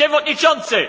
Przewodniczący!